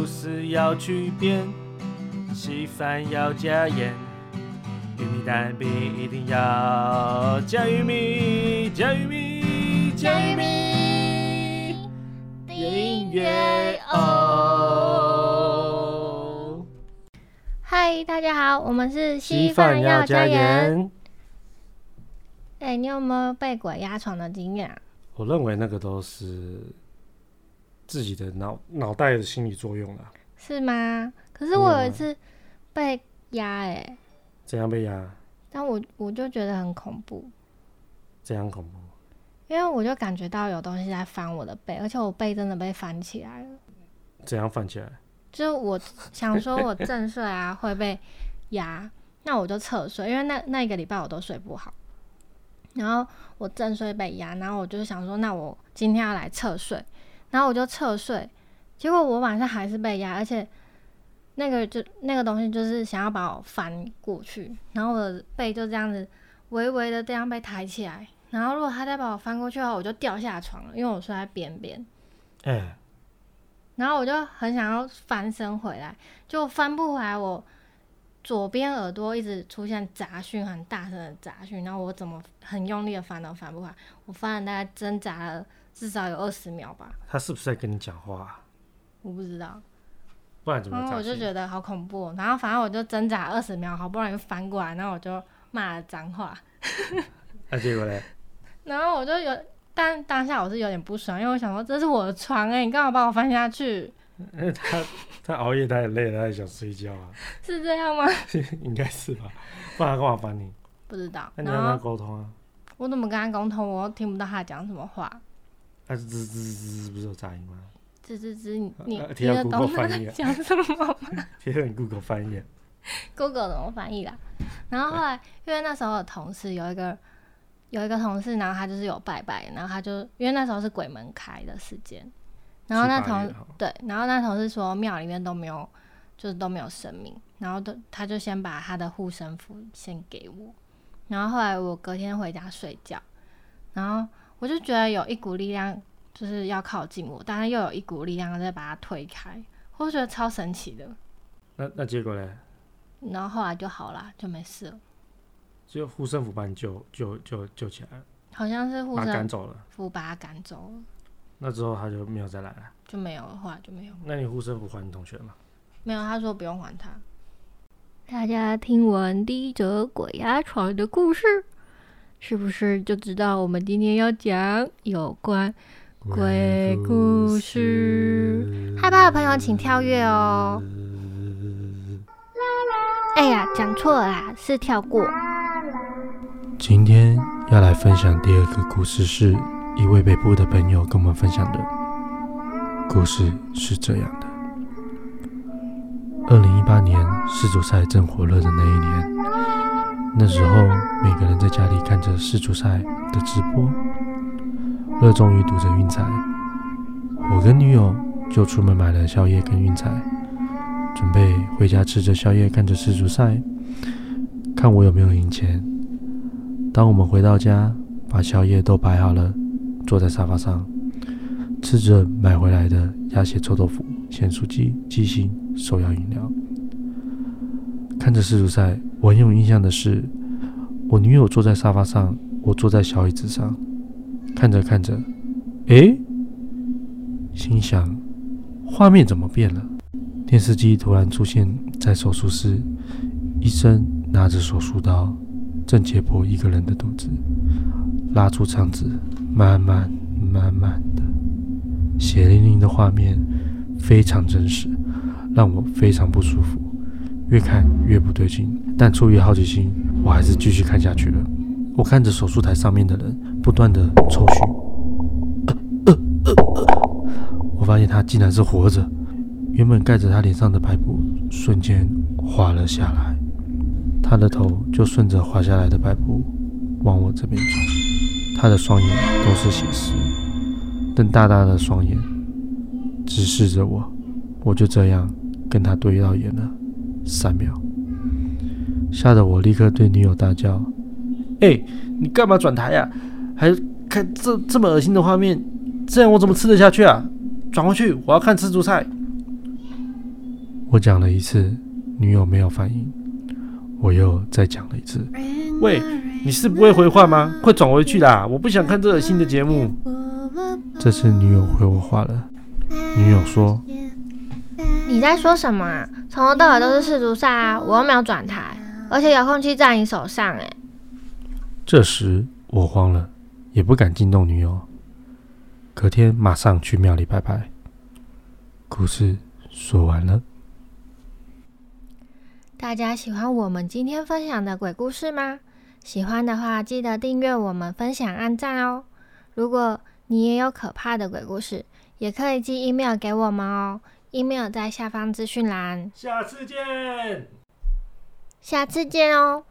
不是要去變，稀飯要加鹽，玉米蛋餅一定要加玉米，加玉米，加玉米。音樂哦。嗨，大家好，我們是稀飯要加鹽。要加鹽哎，你有沒有被鬼壓床的經驗？我認為那個都是。自己的腦腦袋的心理作用了啊，是嗎？可是我有一次被壓，欸、哎，怎樣被壓？但我我就覺得很恐怖，怎樣恐怖？因為我就感覺到有東西在翻我的背，而且我背真的被翻起來了。怎樣翻起來？就是我想說我正睡啊 會被壓，那我就側睡，因為那那一個禮拜我都睡不好。然後我正睡被壓，然後我就想說，那我今天要來側睡。然後我就側睡，結果我晚上還是被壓，而且那個就那個東西就是想要把我翻過去，然後我的背就這樣子微微的這樣被抬起來，然後如果他再把我翻過去的話，我就掉下床了，因為我睡在邊邊。嗯、哎，然後我就很想要翻身回來，就翻不回來我，左邊耳朵一直出現雜訊，很大聲的雜訊。然後我怎麼很用力的翻都翻不完？我翻了大概掙扎了至少有二十秒吧。他是不是在跟你講話啊？我不知道。不然怎麼？然後我就覺得好恐怖喔。然後反正我就掙扎二十秒，好不容易又翻過來，然後我就罵了髒話。 啊，結果嘞？然後我就有，但當下我是有點不爽，因為我想說這是我的床誒，你幹嘛把我翻下去。他他熬夜，他也累了，他也想睡覺啊。是這樣嗎？ 應該是吧，不然幹嘛煩你？不知道，你要那你好跟他溝通啊。我怎麼跟他溝通？我聽不到他講什麼話。啊，吱吱吱吱，不是有雜音嗎？吱吱吱，你聽得懂他在講什麼嗎？貼個你、啊、Google 翻譯、啊。Google 怎麼翻譯啦、啊 啊？然後後來，因為那時候的同事有一個有一個同事，然後他就是有拜拜，然後他就因為那時候是鬼門開的時間。然後那同後對，然後那同事說廟裡面都沒有，就是都沒有神明。然後他他就先把他的護身符先給我，然後後來我隔天回家睡覺，然後我就覺得有一股力量就是要靠近我，但是又有一股力量在把它推開，我覺得超神奇的。那那結果呢？然後後來就好了，就沒事了。只有護身符把你救救救救起來了。好像是護身符把他趕走了。那之後他就沒有再來了，啊，就沒有的話就沒有。那你護身符還你同學嗎？沒有，他說不用還他。大家聽完第一則鬼壓、啊、床的故事，是不是就知道我們今天要講有關鬼故事？害怕的朋友請跳躍哦。哎呀，講錯了啦，是跳過。今天要來分享第二個故事是。一位北部的朋友跟我們分享的故事是這樣的：二零一八年世足賽正火熱的那一年，那時候每個人在家裡看着世足賽的直播，熱衷於賭著運彩。我跟女友就出門買了宵夜跟運彩，準備回家吃着宵夜看着世足賽，看我有沒有贏錢。當我們回到家，把宵夜都擺好了。坐在沙發上，吃着買回來的鴨血臭豆腐、鹹酥雞、雞心、手搖飲料，看着世足賽。我很有印象的是，我女友坐在沙發上，我坐在小椅子上，看着看着，哎，心想畫面怎麼變了？電視機突然出現在手術室，醫生拿着手術刀，正切破一個人的肚子。拉出腸子，慢慢、慢慢的，血淋淋的畫面非常真實，讓我非常不舒服。越看越不對勁，但出於好奇心，我還是繼續看下去了。我看着手術台上面的人不斷的抽搐、呃呃呃呃，我發現他竟然是活着。原本蓋着他臉上的白布瞬間滑了下來，他的頭就順着滑下來的白布往我這邊轉。他的雙眼都是血絲，瞪大大的雙眼，直視着我，我就這樣跟他對到眼了三秒，嚇得我立刻對女友大叫：“哎、欸，你幹嘛轉台呀、啊？還看這這麼噁心的畫面，這樣我怎麼吃得下去啊？轉過去，我要看吃主菜。”我講了一次，女友沒有反應，我又再講了一次。喂，你是不會回話嗎？快轉回去啦！我不想看這個新的節目。這次女友回我話了，女友說：“你在說什麼啊？從頭到尾都是世足賽啊！我又沒有轉台，而且遙控器在你手上、欸。”哎，這時我慌了，也不敢驚動女友。隔天馬上去廟裡拜拜。故事說完了。大家喜歡我們今天分享的鬼故事嗎？喜歡的話，記得訂閱我們，分享、按讚哦。如果你也有可怕的鬼故事，也可以寄 email 給我們哦。email 在下方資訊欄。下次見，下次見哦。